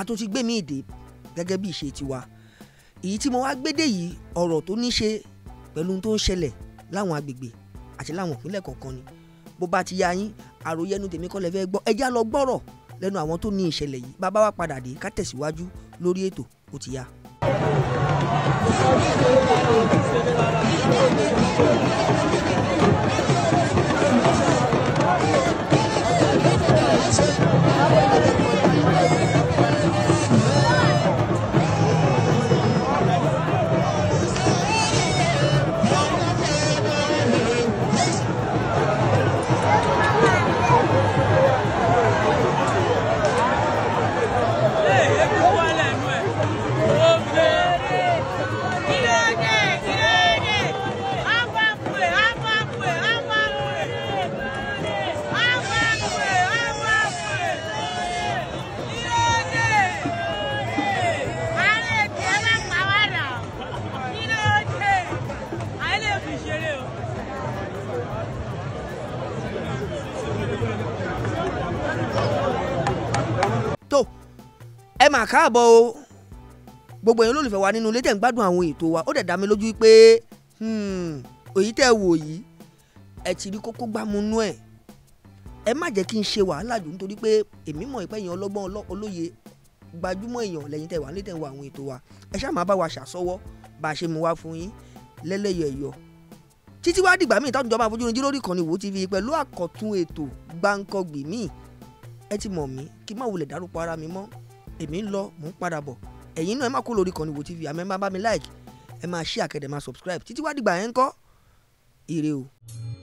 àtúntí gbé mi èdè gẹ́gẹ́ bí ìṣe tiwa èyí tí mo wá gbédè yìí ọ̀rọ̀ tó ní ṣe pẹ̀lú tó ń ṣẹlẹ̀ láwọn agbègbè àti láwọn ìpínlẹ̀ kọ̀ọ̀kan ni bó bá ti ya yín àròyé ẹnu tèmi kọ́ lẹ gbọ́ ẹjá lọ gbọ́rọ̀ lẹ́nu àwọn tó ní ìṣẹ̀lẹ̀ yìí bàbá wa padà dé ká tẹ̀síwájú lórí ètò ó ti ya. mà káàbọ̀ o gbogbo ẹ̀yin olólùfẹ́ wa nínú ilé tẹ̀ ń gbádùn àwọn ètò wa ó dẹ̀ dá mi lójú pé òyì hmm, tẹ́ wò yìí ẹ ti rí kókó gbámúnú ẹ̀ ẹ má jẹ́ kí n ṣe wàhálà jù nítorí pé èmi mọ̀ ìpẹ́yìn ọlọ́gbọ́n olóye gbajúmọ̀ èèyàn lẹ́yìn tẹ̀ wà nílé tẹ̀ ń wo àwọn ètò wa ẹ ṣáà máa bá wa ṣàsọwọ́ bá a ṣe mú wa fún yín lẹ́lẹ́yẹ̀yọ títí wá dìgbà míì táwọn ìjọba àfojúrin jíròrò ìkànnì wò TV pẹ̀lú àkọ́tún ètò gbáǹkọ́gbì míì ẹ ti mọ̀ mí kí n má wulẹ̀ dárúkọ ara mi mọ́ èmi ń lọ mò ń padà bọ̀ ẹ̀yin náà ẹ má kó lórí kan ní tv àmọ́ ẹ má bá mi like ẹ máa share kẹ́dẹ̀ máa subscribe títí wá dìgbà yẹn ń kọ́ ire o.